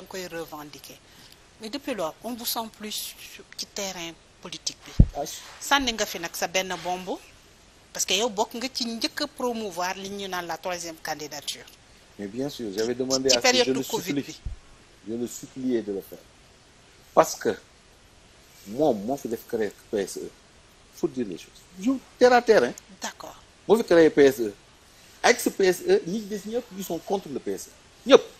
da koy revendiquer mais depuis lors on vous sent plus ci terrain politique bi. Ah, sànni nga fi nag sa benn bombe parce que yow bokk nga ci njëkk a promouvoir li ñu naan la troisième candidature. mais bien sûr j'avais demandé à ce que je le supplie de le faire parce que moom moo fi def créer PSE faut dire les choses toujours terre à d'accord moo fi créer PSE ak ce PSE ñi des ñëpp ils sont contre le PSE ñëpp.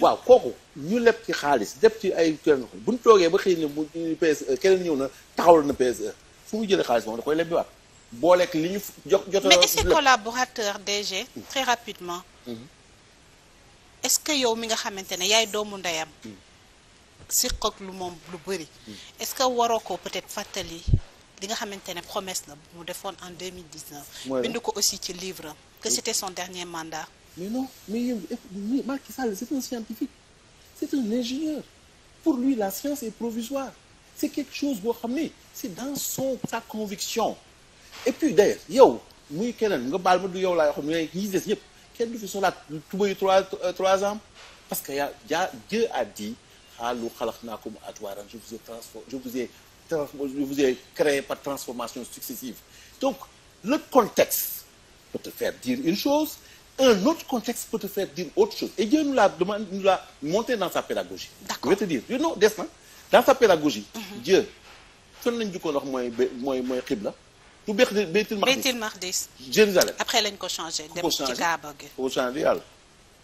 waaw kooku ñu leb ci xaalis def ci ay keneen bu ñu toogee ba xëy na mu PSE keneen ñëw na taxawal na PSE fu mu jëlee xaalis moom da koy lebbiwaat booleeg li ñu jox jot mais est-ce que collaborateur DG. Mm. très rapidement. Mm-hmm. est-ce que yow mi nga xamante ne yaay doomu ndeyam. Mm. siq lu moom lu bëri. Mm. est-ce que waroo ko peut-être fàttali li nga xamante ne promesse na mu defoon en 2019. mooy bind ko aussi ci livre am que c'était son dernier mandat. mais non mais yéen Macky Sall c'est un scientifique c'est un ingénieur pour lui la science est provisoire c'est quelque chose boo xam ne c'est dans son sa conviction et puis d'ailleurs yow muy keneen nga baal ma du yow la yoo xam ne des yëpp kenn du fi solaat tubayu trois euh, trois ans parce que yaa jaa Dieu a dit xaalu xalaqnaakum atwaaran je vous ai transformé je vous ai je vous ai créé par transformation successive donc le contexte peut te faire dire une chose un autre contexte peut te faire autre chose et Dieu nous l'a demandé nous l'a monté dans sa pédagogie. d'accord je vais te dire you know des na dans sa pédagogie. Mhm. Dieu fan lañ jukkoon wax mooy mooy mooy xibla. du beex Beytul Maqdis Beytul Maqdis. Jérusalem après lañ ko changé. dem ci Kaaba gi ku ko changé yàlla.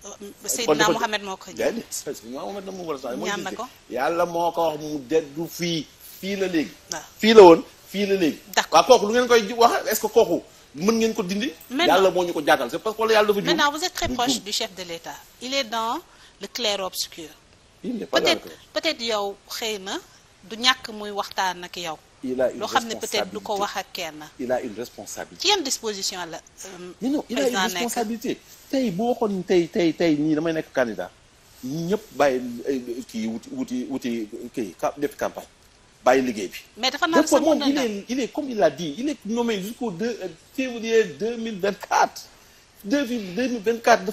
Euh, Seydina Mohamed moo ko. jaajëf Seydina Mohamed moo ko changé. ko yàlla moo ko wax mu deddu fii fii la léegi. waaw fii la woon. fii la léegi. d'accord waaw lu ngeen koy wax est-ce que kooku mën ngeen ko dindi. yàlla moo ñu ko jàngal c'est parce que wala yàlla dafa jóg. maintenant vous êtes très proche du chef de l'État. il est dans le clair-obscur. peut-être peut yow xëy na du ñàkk muy waxtaan nag yow. il loo xam ne peut-être du ko wax ak kenn. il a une responsabilité. ci yan disposition la. président euh, il a une responsabilité. tey boo waxoon tey tey nii ñii damay nekk candidat ñëpp bàyyi kii wuti wuti wuti kii def bàyyi liggéey bi. mais dafa nar a moom il est il est comme il l'a dit il est nommé jusqu'au 2 euh, février 2024 deux deux mille vingt quatre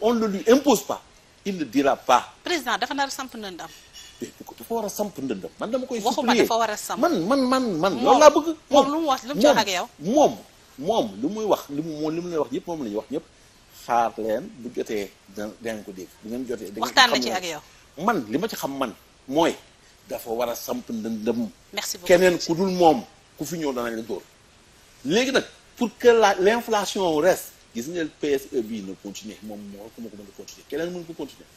on ne impose pas il ne dira président dafa nar a samp ndëndam. dafa war a samp ndëndam man dama koy. waxuma dafa war a samp man man man man. loolu laa bëgg moom lu mu wax lu mu jox ak yow. moom moom lu muy wax li mu li mu lay wax yëpp moom la ñuy wax ñëpp xaar leen bu jotee dinañ ko dégg. bu ngeen jotee da ngeen ko xam waxtaan na ci ak yow. man li ma ci xam man mooy. dafa war a samp ndëndëm. merci beaucoup keneen ku dul moom ku fi ñëw danañ la dóor. léegi nag pour que la l' inflation reste gis nga PSE bii na continuer moom moo ko mën a continuer keneen mën ko continuer.